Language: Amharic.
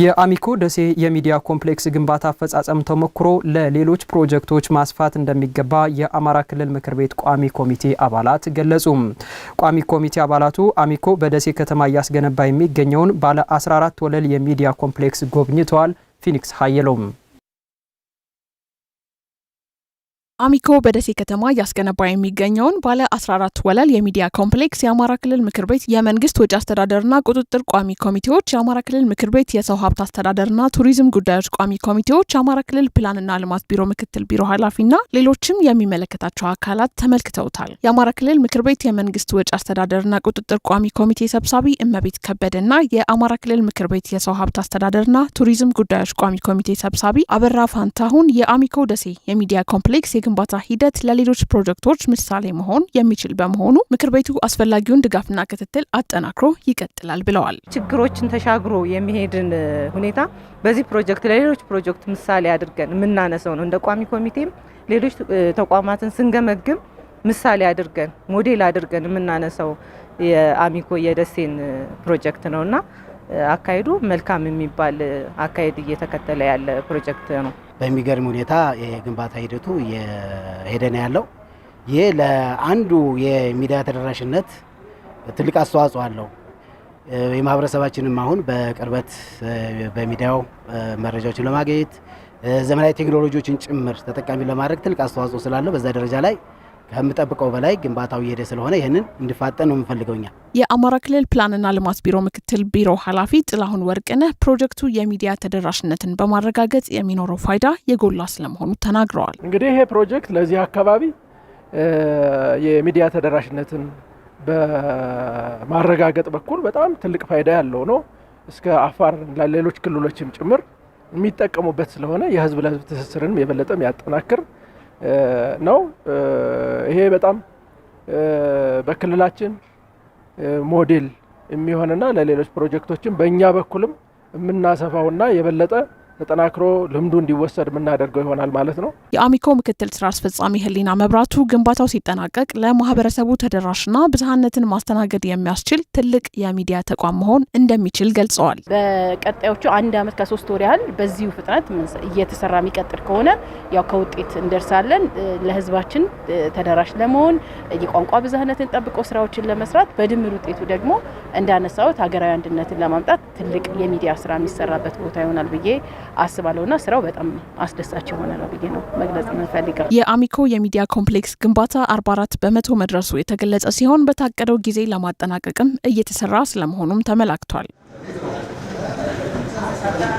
የአሚኮ ደሴ የሚዲያ ኮምፕሌክስ ግንባታ አፈጻጸም ተሞክሮ ለሌሎች ፕሮጀክቶች ማስፋት እንደሚገባ የአማራ ክልል ምክር ቤት ቋሚ ኮሚቴ አባላት ገለጹ። ቋሚ ኮሚቴ አባላቱ አሚኮ በደሴ ከተማ እያስገነባ የሚገኘውን ባለ 14 ወለል የሚዲያ ኮምፕሌክስ ጎብኝተዋል። ፊኒክስ ሀየሎም አሚኮ በደሴ ከተማ እያስገነባ የሚገኘውን ባለ 14 ወለል የሚዲያ ኮምፕሌክስ የአማራ ክልል ምክር ቤት የመንግስት ወጪ አስተዳደርና ቁጥጥር ቋሚ ኮሚቴዎች፣ የአማራ ክልል ምክር ቤት የሰው ሀብት አስተዳደርና ቱሪዝም ጉዳዮች ቋሚ ኮሚቴዎች፣ የአማራ ክልል ፕላንና ልማት ቢሮ ምክትል ቢሮ ኃላፊና ሌሎችም የሚመለከታቸው አካላት ተመልክተውታል። የአማራ ክልል ምክር ቤት የመንግስት ወጪ አስተዳደርና ቁጥጥር ቋሚ ኮሚቴ ሰብሳቢ እመቤት ከበደና የአማራ ክልል ምክር ቤት የሰው ሀብት አስተዳደርና ቱሪዝም ጉዳዮች ቋሚ ኮሚቴ ሰብሳቢ አበራ ፋንታሁን የአሚኮ ደሴ የሚዲያ ኮምፕሌክስ የግንባታ ሂደት ለሌሎች ፕሮጀክቶች ምሳሌ መሆን የሚችል በመሆኑ ምክር ቤቱ አስፈላጊውን ድጋፍና ክትትል አጠናክሮ ይቀጥላል ብለዋል። ችግሮችን ተሻግሮ የሚሄድን ሁኔታ በዚህ ፕሮጀክት ለሌሎች ፕሮጀክት ምሳሌ አድርገን የምናነሰው ነው። እንደ ቋሚ ኮሚቴም ሌሎች ተቋማትን ስንገመግም ምሳሌ አድርገን ሞዴል አድርገን የምናነሰው የአሚኮ የደሴን ፕሮጀክት ነውና አካሄዱ መልካም የሚባል አካሄድ እየተከተለ ያለ ፕሮጀክት ነው። በሚገርም ሁኔታ የግንባታ ሂደቱ እየሄደ ነው ያለው። ይሄ ለአንዱ የሚዲያ ተደራሽነት ትልቅ አስተዋጽኦ አለው። የማህበረሰባችንም አሁን በቅርበት በሚዲያው መረጃዎችን ለማግኘት ዘመናዊ ቴክኖሎጂዎችን ጭምር ተጠቃሚ ለማድረግ ትልቅ አስተዋጽኦ ስላለው በዛ ደረጃ ላይ ከምጠብቀው በላይ ግንባታው እየሄደ ስለሆነ ይህንን እንድፋጠን ነው የምፈልገው። የአማራ ክልል ፕላንና ልማት ቢሮ ምክትል ቢሮ ኃላፊ ጥላሁን ወርቅነህ ፕሮጀክቱ የሚዲያ ተደራሽነትን በማረጋገጥ የሚኖረው ፋይዳ የጎላ ስለመሆኑ ተናግረዋል። እንግዲህ ይሄ ፕሮጀክት ለዚህ አካባቢ የሚዲያ ተደራሽነትን በማረጋገጥ በኩል በጣም ትልቅ ፋይዳ ያለው ነው። እስከ አፋር ሌሎች ክልሎችም ጭምር የሚጠቀሙበት ስለሆነ የህዝብ ለህዝብ ትስስርንም የበለጠ ያጠናክር ነው። ይሄ በጣም በክልላችን ሞዴል የሚሆንና ለሌሎች ፕሮጀክቶችም በእኛ በኩልም የምናሰፋውና የበለጠ ተጠናክሮ ልምዱ እንዲወሰድ የምናደርገው ይሆናል ማለት ነው። የአሚኮ ምክትል ስራ አስፈጻሚ ህሊና መብራቱ ግንባታው ሲጠናቀቅ ለማህበረሰቡ ተደራሽና ብዝሃነትን ማስተናገድ የሚያስችል ትልቅ የሚዲያ ተቋም መሆን እንደሚችል ገልጸዋል። በቀጣዮቹ አንድ አመት ከሶስት ወር ያህል በዚሁ ፍጥነት እየተሰራ የሚቀጥል ከሆነ ያው ከውጤት እንደርሳለን። ለህዝባችን ተደራሽ ለመሆን የቋንቋ ብዝሃነትን ጠብቆ ስራዎችን ለመስራት በድምር ውጤቱ ደግሞ እንዳነሳሁት ሀገራዊ አንድነትን ለማምጣት ትልቅ የሚዲያ ስራ የሚሰራበት ቦታ ይሆናል ብዬ ና ስራው በጣም አስደሳች የሆነ ነው ብዬ ነው መግለጽ የምንፈልገው። የአሚኮ የሚዲያ ኮምፕሌክስ ግንባታ አርባ አራት በመቶ መድረሱ የተገለጸ ሲሆን በታቀደው ጊዜ ለማጠናቀቅም እየተሰራ ስለመሆኑም ተመላክቷል።